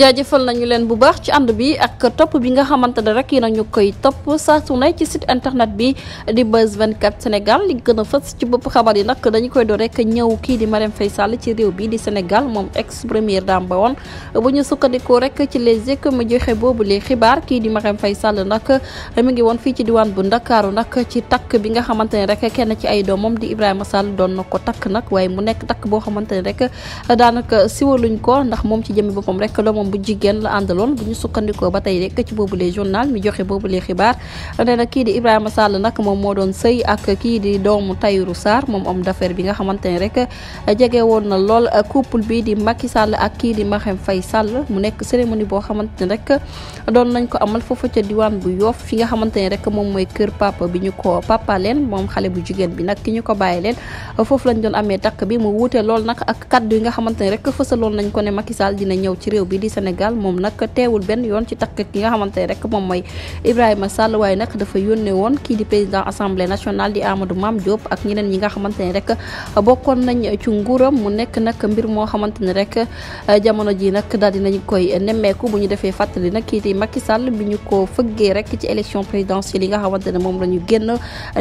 jaajëfal nañu leen bu baax ci ànd bi ak topp bi nga xamante ne rek yéen a ñu koy topp saa su ne ci site internet bi di Buzz 24 Sénégal li gën a fës ci bopp xabar yi nag dañu koy door rek ñëw kii di Marème fay sàll ci réew bi di Sénégal moom ex première ba woon bu ñu sukkandikoo rek ci les échos mu joxe boobu lee xibaar kii di Marème fay sàll nag mu ngi woon fii ci diwaan bu Ndakaaru nag ci takk bi nga xamante ne rek kenn ci ay doomam di Ibrahima Sall doon na ko takk nag waaye mu nekk takk boo xamante ne rek daanaka siwaluñ ko ndax moom ci jëmmi boppam rek doomam bu jigéen la àndaloon bu ñu sukkandikoo ba tey rek ci bobule journal mi joxe Ibrahim xibaar nee na kii di ibrahima sall nag moom moo doon sëy ak kii di doomu tayru sarr moom homme d'affaires bi nga xamante ne rek jege woon na lool couple bi di Macky Sall ak kii di Marème fay Sall mu nekk cérémonie boo xamante ne rek doon nañ ko amal foofa ca diwaan bu yoof fi nga xamante ne rek moom mooy kër papa bi ñu ko papa leen moom xale bu jigéen bi nag ki ñu ko bàyyi leen foofu lañ doon amee takk bi mu wuute lool nag ak kaddu yi nga xamante ne rek fësaloon nañ ko ne Macky Sall dina ñëw ci réew bi di Sénégal moom nag teewul benn yoon ci takk ki nga xamante ne rek moom mooy Ibrahima Sall waaye nag dafa yónnee woon kii di président assemblée nationale di Amadou maam Diop ak ñeneen ñi nga xamante ne rek bokkoon nañ ci nguuram mu nekk nag mbir moo xamante ne rek jamono ji nag daal dinañ koy nemmeeku bu ñu defee fàttali nag kii di Macky Sall bi ñu ko fëggee rek ci élection présidentielle yi nga xamante ne moom la ñu génn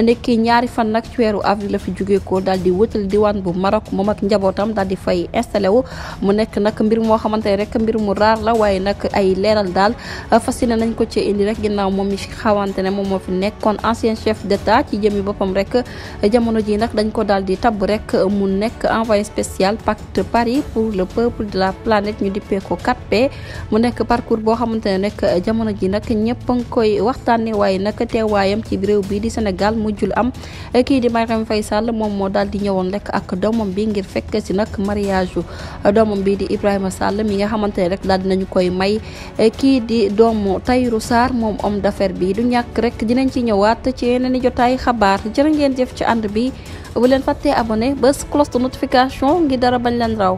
nekki ñaari fan nag ci weeru avril la fi jógee ko daal di wëtal diwaan bu Maroc moom ak njabootam daal di fay installé wu mu nekk nag mbir moo xamante rek mbir mu Rar la waaye nak ay leral dal euh, fasina nañ ko ci indi rek ginnaw mom mi xawantene mom mo fi nekkon ancien chef d'état ci jëmi bopam rek euh, jamono ji nak dañ ko dal di tab rek euh, mu nekk envoyé spécial pacte Paris pour le peuple de la planète ñu dippé ko 4P mu nekk parcours bo xamantene ne jamono ji nak ñepp ngi koy waxtane waaye nak téwayam ci réew bi di Sénégal jul am ki di Mariam faisal mom mo dal di ñëwoon rek ak domam bi ngir fekk ci nak mariage domam bi di Ibrahima Sall mi nga xamantene rek daal dinañu koy may eh, kii di doomu Tahirou saar moom om d'affaires bi du ñàkk rek dinañ ci ñëwaat ci yeneen i jotaay xabaar jërë ngeen jëf ci ànd bi bu leen fàttee abonné bés cloche de notification ngi dara bañ leen raw